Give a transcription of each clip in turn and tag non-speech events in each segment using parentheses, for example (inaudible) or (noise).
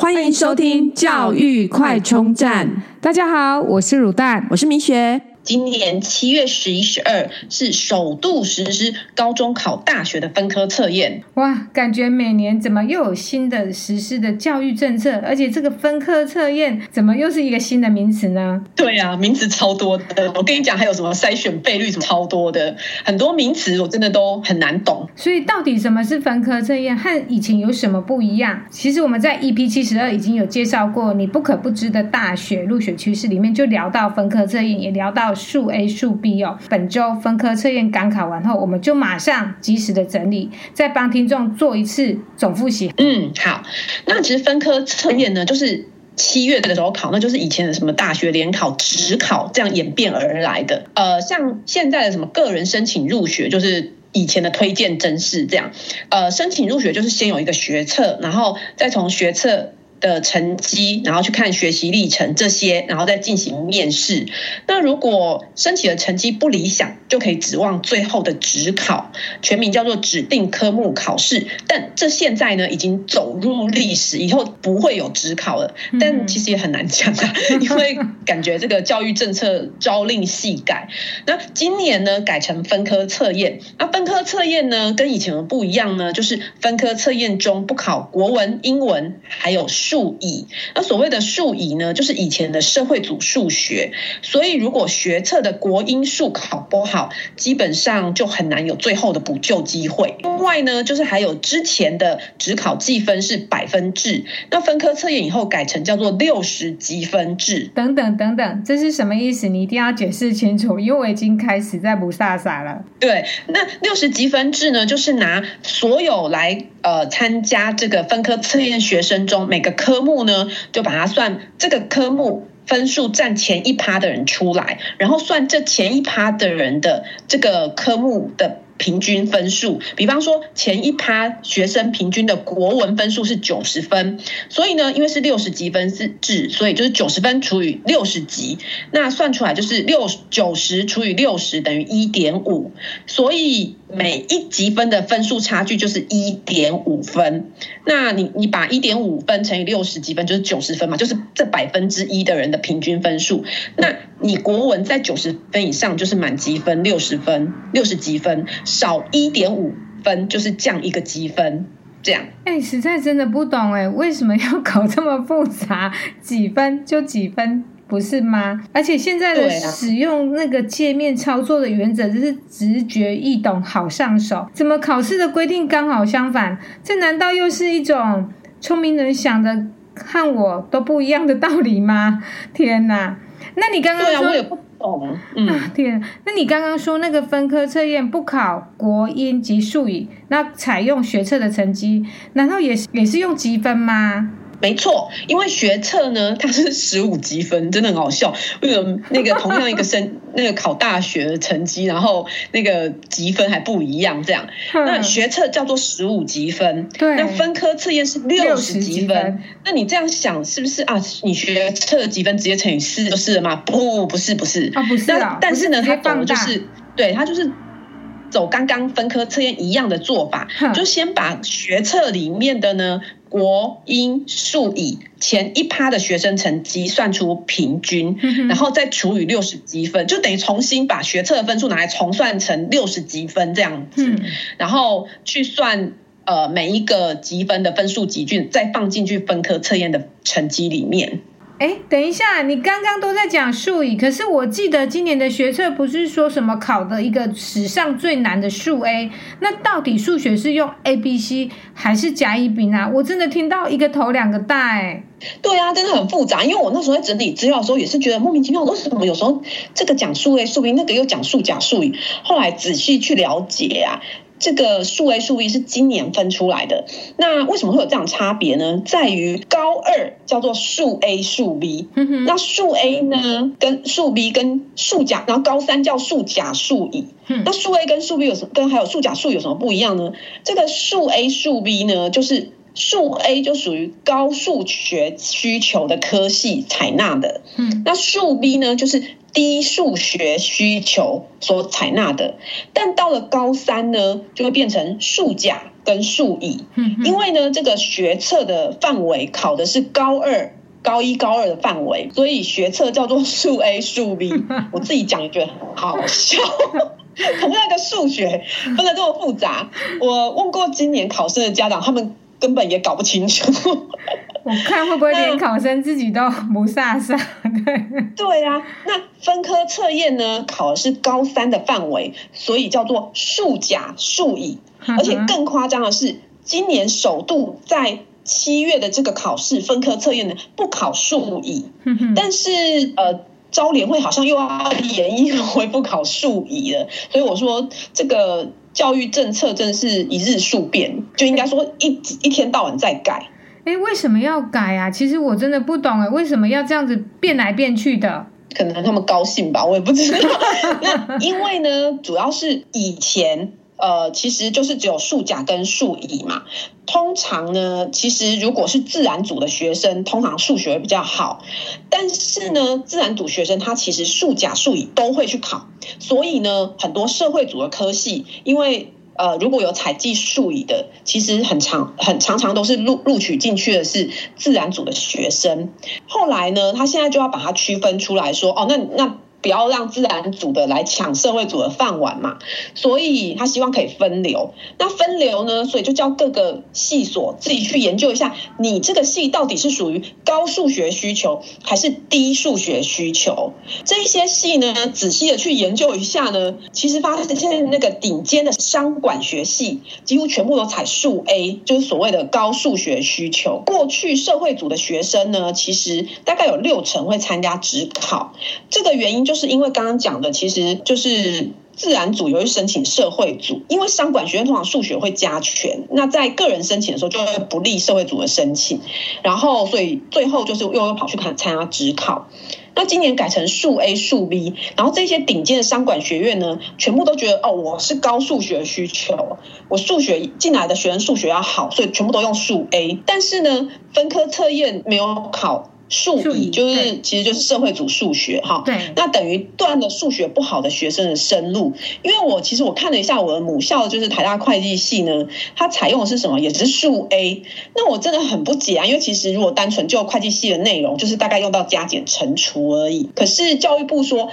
歡迎收聽教育快充站。大家好，我是滷蛋，我是明學。今年七月十一、十二是首度實施高中考大學的分科測驗。哇，感覺每年怎麼又有新的實施的教育政策？而且這個分科測驗怎麼又是一個新的名詞呢？對啊，名詞超多的。我跟你講，還有什麼篩選倍率什麼超多的，很多名詞我真的都很難懂。所以到底什麼是分科測驗，和以前有什麼不一樣？其實我們在 EP 七十二已經有介紹過，你不可不知的大學入學趨勢裡面就聊到分科測驗，也聊到。數 A 數 B 哦，本周分科測驗剛考完後，我們就馬上及時的整理，再幫聽眾做一次總複習。嗯，好。那其實分科測驗呢，就是七月的時候考，那就是以前的什麼大學聯考、指考這樣演變而來的。呃，像現在的什麼個人申請入學，就是以前的推薦甄試這樣。呃，申請入學就是先有一個學測，然後再從學測。的成績，然後去看學習歷程這些，然後再進行面試。那如果申請的成績不理想，就可以指望最後的指考，全名叫做指定科目考試。但這現在呢，已經走入歷史，以後不會有指考了。但其實也很難講啊， (laughs) 因為感覺這個教育政策朝令夕改。那今年呢，改成分科測驗。那分科測驗呢，跟以前的不一樣呢，就是分科測驗中不考國文、英文，還有。數乙，那所謂的數乙呢，就是以前的社會組數學，所以如果學測的國英數考不好，基本上就很難有最後的補救機會。另外呢，就是還有之前的指考計分是百分制，那分科測驗以後改成叫做六十級分制等等等等，這是什麼意思？你一定要解釋清楚，因為我已經開始在霧煞煞了。對，那六十級分制呢，就是拿所有來呃參加這個分科測驗學生中每個。科目呢，就把它算這個科目分數占前一趴的人出來，然後算這前一趴的人的這個科目的平均分數。比方說前，前一趴學生平均的國文分數是九十分，所以呢，因為是六十級分是制，所以就是九十分除以六十級，那算出來就是六九十除以六十等於一點五，所以。每一級分的分數差距就是一點五分，那你你把一點五分乘以六十級分就是九十分嘛，就是這百分之一的人的平均分數。那你國文在九十分以上就是滿級分六十分，六十級分少一點五分就是降一個級分，這樣。哎、欸，實在真的不懂哎，為什麼要搞這麼複雜？幾分就幾分。不是嗎？而且現在的使用那個介面操作的原則就是直覺易懂，好上手。怎麼考試的規定剛好相反？這難道又是一種聰明人想的和我都不一樣的道理嗎？天哪！那你剛剛說，我也不懂。嗯、啊，天，那你剛剛說那個分科測驗不考國英及數乙，那採用學測的成績，難道也是也是用級分嗎？沒錯，因為學測呢，它是十五級分，真的很好笑。為什麼那個同樣一個生， (laughs) 那個考大學的成績，然後那個級分還不一樣？這樣，嗯、那學測叫做十五級分對，那分科測驗是六十級分。那你這樣想是不是啊？你學測的級分直接乘以四，不是了嗎？不，不是，不是、哦，不是、啊。它不是，但是呢，是它的就是，對，它就是走剛剛分科測驗一樣的做法，嗯、就先把學測裡面的呢。國英數以前一趴的學生成績算出平均，然後再除以六十級分，就等於重新把學測的分數拿來重算成六十級分這樣子，然後去算呃每一個級分的分數級距，再放進去分科測驗的成績裡面。哎，等一下，你剛剛都在講數乙，可是我記得今年的學測不是說什麼考的一個史上最難的數 A，那到底數學是用 A、B、C 還是甲、乙、丙啊？我真的聽到一個頭兩個大誒。對啊，真的很複雜，因為我那時候在整理資料的時候也是覺得莫名其妙，為什麼有時候這個講數 A 數 B，那個又講數甲數乙？後來仔細去了解啊。這個數 A 數 B 是今年分出來的，那為什麼會有這樣差別呢？在於高二叫做數 A 數 B，那數 A 呢跟數 B 跟數甲，然後高三叫數甲數乙，那數 A 跟數 B 有什麼跟還有數甲數有什麼不一樣呢？這個數 A 數 B 呢，就是數 A 就屬於高數學需求的科系採納的，嗯，那數 B 呢就是。低數學需求所採納的，但到了高三呢，就會變成數甲跟數乙，因為呢，這個學測的範圍考的是高二、高一、高二的範圍，所以學測叫做數 A、數 B。我自己講也覺得好笑，同樣的數學分得這麼複雜，我問過今年考試的家長，他們根本也搞不清楚。我看會不會連考生自己都不煞煞、嗯。對啊，那分科測驗呢？考的是高三的範圍，所以叫做數甲數乙、嗯。而且更誇張的是，今年首度在七月的這個考試分科測驗呢，不考數乙、嗯。但是呃，招聯會好像又要延一回不考數乙了。所以我說，這個教育政策真的是一日數變，就應該說一一天到晚在改。哎，為什麼要改啊？其實我真的不懂哎，為什麼要這樣子變來變去的？可能他們高興吧，我也不知道。 (laughs) 那因為呢，主要是以前呃，其實就是只有數甲跟數乙嘛。通常呢，其實如果是自然組的學生，通常數學會比較好。但是呢，自然組學生他其實數甲數乙都會去考，所以呢，很多社會組的科系因為。呃，如果有採計數乙的，其實很常很常常都是錄錄取進去的是自然組的學生，後來呢，他現在就要把它區分出來說，哦，那那。不要讓自然組的來搶社會組的飯碗嘛，所以他希望可以分流。那分流呢？所以就叫各個系所自己去研究一下，你這個系到底是屬於高數學需求還是低數學需求？這一些系呢，仔細的去研究一下呢，其實發現現在那個頂尖的商管學系幾乎全部都採數 A，就是所謂的高數學需求。過去社會組的學生呢，其實大概有六成會參加指考，這個原因。就是因為剛剛講的，其實就是自然組容易申請社會組，因為商管學院通常數學會加權，那在個人申請的時候就會不利社會組的申請，然後所以最後就是又又跑去考參加指考。那今年改成數 A 數 B，然後這些頂尖的商管學院呢，全部都覺得哦，我是高數學需求，我數學進來的學生數學要好，所以全部都用數 A，但是呢，分科測驗沒有考。數就是數，其實就是社會組數學哈，對，那等於斷了數學不好的學生的生路。因為我其實我看了一下我的母校就是台大會計系呢，它採用的是什麼？也是數 A。那我真的很不解啊，因為其實如果單純就會計系的內容，就是大概用到加減乘除而已。可是教育部說。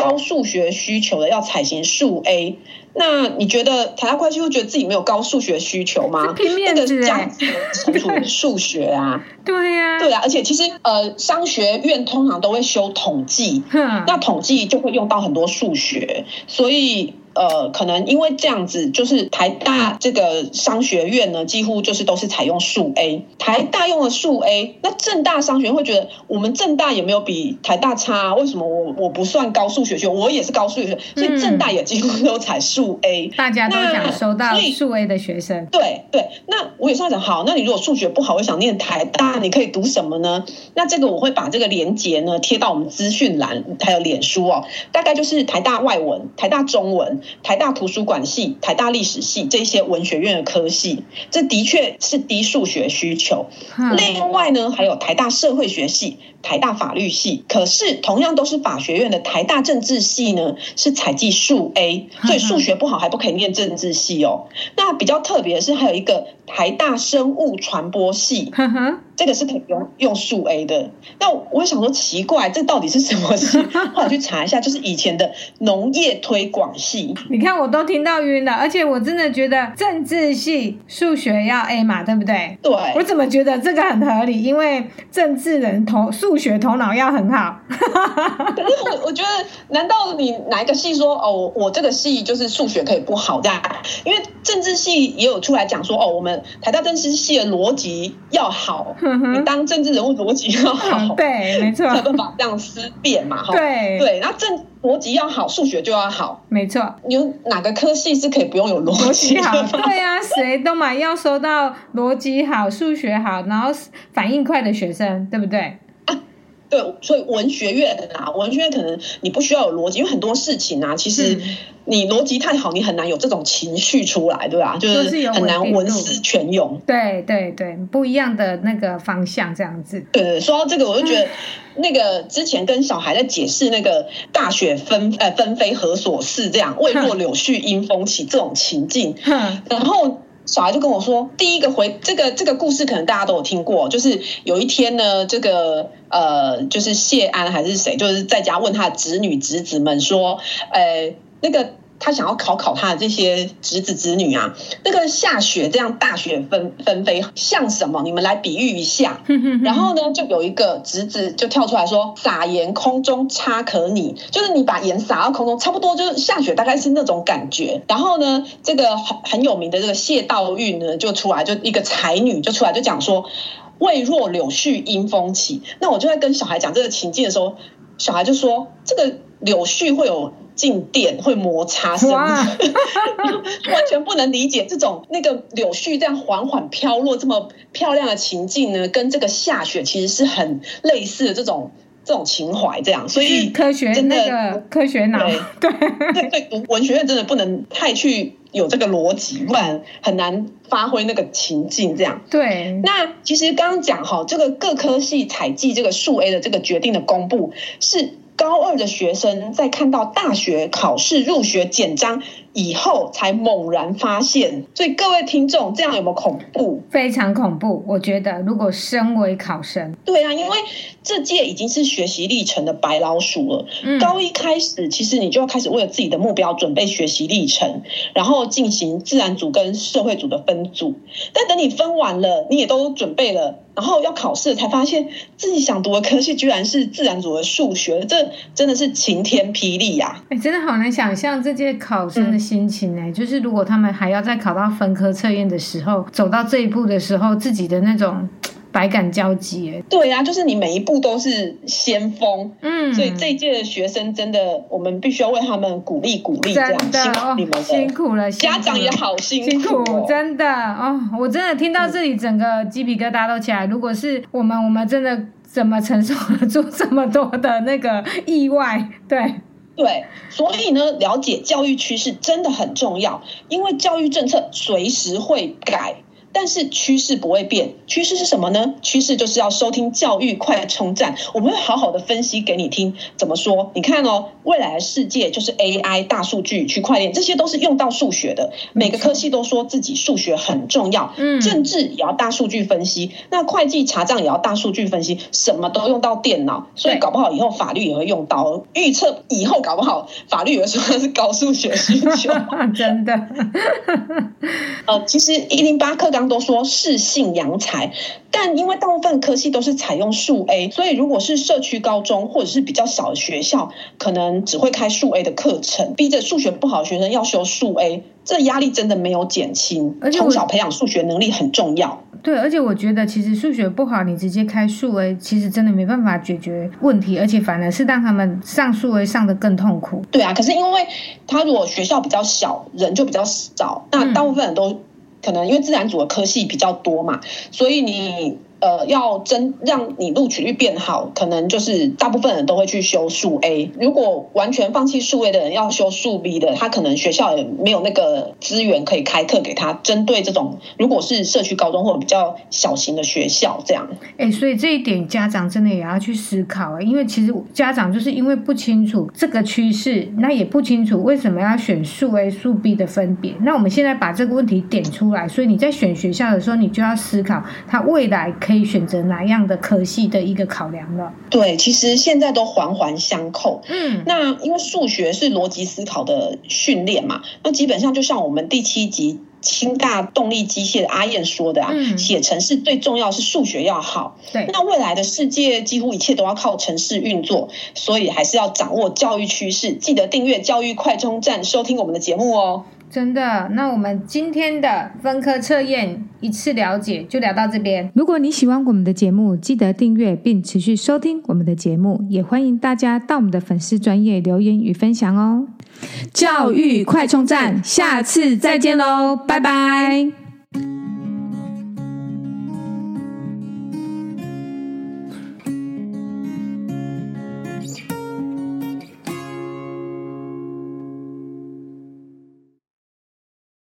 高數學需求的要採行數 A，那你覺得台大關係會覺得自己沒有高數學需求嗎？拼命是這樣子，基礎數學啊，對呀、啊，對啊，而且其實呃，商學院通常都會修統計、嗯，那統計就會用到很多數學，所以。呃，可能因為這樣子，就是台大這個商學院呢，幾乎就是都是採用數 A。台大用了數 A，那正大商學院會覺得，我們正大也沒有比台大差，啊，為什麼我我不算高數學學，我也是高數學，學，所以正大也幾乎都採數 A，嗯。大家都想收到數 A 的學生。對對，那我也算想，好，那你如果數學不好，我想念台大，你可以讀什麼呢？那這個我會把這個連接呢貼到我們資訊欄，還有臉書哦。大概就是台大外文，台大中文。台大圖書館系、台大歷史系這一些文學院的科系，這的確是低數學需求。 (music) 另外呢，還有台大社會學系、台大法律系，可是同樣都是法學院的台大政治系呢，是採計數 A，所以數學不好還不可以念政治系哦。 (music) 那比較特別的是，還有一個台大生物傳播系。 (music) (music) 這個是可以用用數 A 的，那我，我想說奇怪，這到底是什麼系？我去查一下，就是以前的農業推廣系。 (laughs) 你看我都聽到暈了，而且我真的覺得政治系數學要 A 嘛，對不對？對，我怎麼覺得這個很合理？因為政治人頭數學頭腦要很好。可 (laughs) 是我我覺得，難道你哪一個系說哦，我這個系就是數學可以不好？對啊，因為政治系也有出來講說哦，我們台大政治系的邏輯要好。嗯、你當政治人物邏輯要好，嗯，對，沒錯，他把這樣思辨嘛，對對。那政邏輯要好數學就要好，沒錯。你有哪個科系是可以不用有邏輯？對呀，啊，誰都嘛要收到邏輯好數學好，然後反應快的學生，對不對？對，所以文學院啊，文學院可能你不需要有邏輯，因為很多事情啊，其實你邏輯太好，你很難有這種情緒出來，對吧、啊？就是很難全是文思泉湧。對對對，不一樣的那個方向這樣子。對，說到這個，我就覺得 (laughs) 那個之前跟小孩在解釋那個大雪紛呃紛飛何所似，這樣未若柳絮因風起這種情境， (laughs) 然後。小孩就跟我說，第一個回這個這個故事，可能大家都有聽過，就是有一天呢，這個呃，就是謝安還是誰，就是在家問他的侄女侄子們說，呃，那個。他想要考考他的這些侄子侄女啊，那個下雪這樣大雪紛紛飛，像什麼？你們來比喻一下。 (laughs) 然後呢，就有一個侄子，子就跳出來說：“撒鹽空中差可擬”，就是你把鹽撒到空中，差不多就是下雪，大概是那種感覺。然後呢，這個很很有名的這個謝道韞呢，就出來，就一個才女就出來就講說：“未若柳絮因風起。”那我就在跟小孩講這個情境的時候，小孩就說：“這個。”柳絮會有靜電，會摩擦聲， (laughs) 完全不能理解這種那個柳絮這樣緩緩飄落這麼漂亮的情境呢？跟這個下雪其實是很類似的這種這種情懷，這樣所以科學那個、那個、科學腦對對對對，讀 (laughs) 文學院真的不能太去有這個邏輯，不然很難發揮那個情境這樣。對，那其實剛剛講哈，這個各科系採計這個數 A 的這個決定的公布是。高二的學生在看到大學考試入學簡章，以後才猛然發現，所以各位聽眾，這樣有沒有恐怖？非常恐怖。我覺得，如果身為考生，對啊，因為這屆已經是學習歷程的白老鼠了、嗯。高一開始，其實你就要開始為了自己的目標準備學習歷程，然後進行自然組跟社會組的分組。但等你分完了，你也都準備了，然後要考試，才發現自己想讀的科系，居然是自然組的數學，這真的是晴天霹靂呀、啊！哎、欸，真的好難想象這屆考生的。心情呢、欸，就是如果他們還要再考到分科測驗的時候，走到這一步的時候，自己的那種百感交集、欸、對啊，就是你每一步都是先鋒，嗯，所以這一屆的學生真的，我們必須要為他們鼓勵鼓勵，這樣的，你們辛苦了，家長也好辛苦，喔哦辛苦，辛苦，辛苦，真的哦，我真的聽到這裡，整個雞皮疙瘩都起來。如果是我們，我們真的怎麼承受住這麼多的那個意外？對。對，所以呢，了解教育趨勢真的很重要，因為教育政策隨時會改。但是趨勢不會變，趨勢是什麼呢？趨勢就是要收聽教育快充站，我們會好好的分析給你聽。怎麼說？你看哦，未來的世界就是 AI、大數據、區塊鏈，這些都是用到數學的。每個科系都說自己數學很重要，政治也要大數據分析，嗯、那會計查賬也要大數據分析，什麼都用到電腦，所以搞不好以後法律也會用到預測。以後搞不好法律也說它是高數學需求， (laughs) 真的。 (laughs) 呃、其實一零八課的。都說適性揚才，但因為大部分科系都是採用數 A，所以如果是社區高中或者是比較小的學校，可能只會開數 A 的課程，逼着數學不好的學生要修數 A，這壓力真的沒有減輕。而且從小培養數學能力很重要。對，而且我覺得其實數學不好，你直接開數 A，其實真的沒辦法解決問題，而且反而是讓他們上數 A 上得更痛苦。對啊，可是因為他如果學校比較小，人就比較少，那大部分人都、嗯。可能因為自然組的科系比較多嘛，所以你。呃，要真讓你錄取率變好，可能就是大部分人都會去修數 A。如果完全放棄數 A 的人要修數 B 的，他可能學校也沒有那個資源可以開課給他。針對這種，如果是社區高中或者比較小型的學校，這樣，哎、欸，所以這一點家長真的也要去思考啊、欸，因為其實家長就是因為不清楚這個趨勢，那也不清楚為什麼要選數 A、數 B 的分別。那我們現在把這個問題點出來，所以你在選學校的時候，你就要思考他未來可以。可以選擇哪樣的科系的一個考量了。對，其實現在都環環相扣。嗯，那因為數學是邏輯思考的訓練嘛，那基本上就像我們第七集清大動力機械的阿燕說的啊，嗯、寫程式最重要是數學要好。對，那未來的世界幾乎一切都要靠程式運作，所以還是要掌握教育趨勢。記得訂閱教育快充站，收聽我們的節目哦。真的，那我們今天的分科測驗一次了解，就聊到這邊。如果你喜歡我們的節目，記得訂閱並持續收聽我們的節目，也歡迎大家到我們的粉絲專頁留言與分享哦。教育快充站，下次再見嘍，拜拜。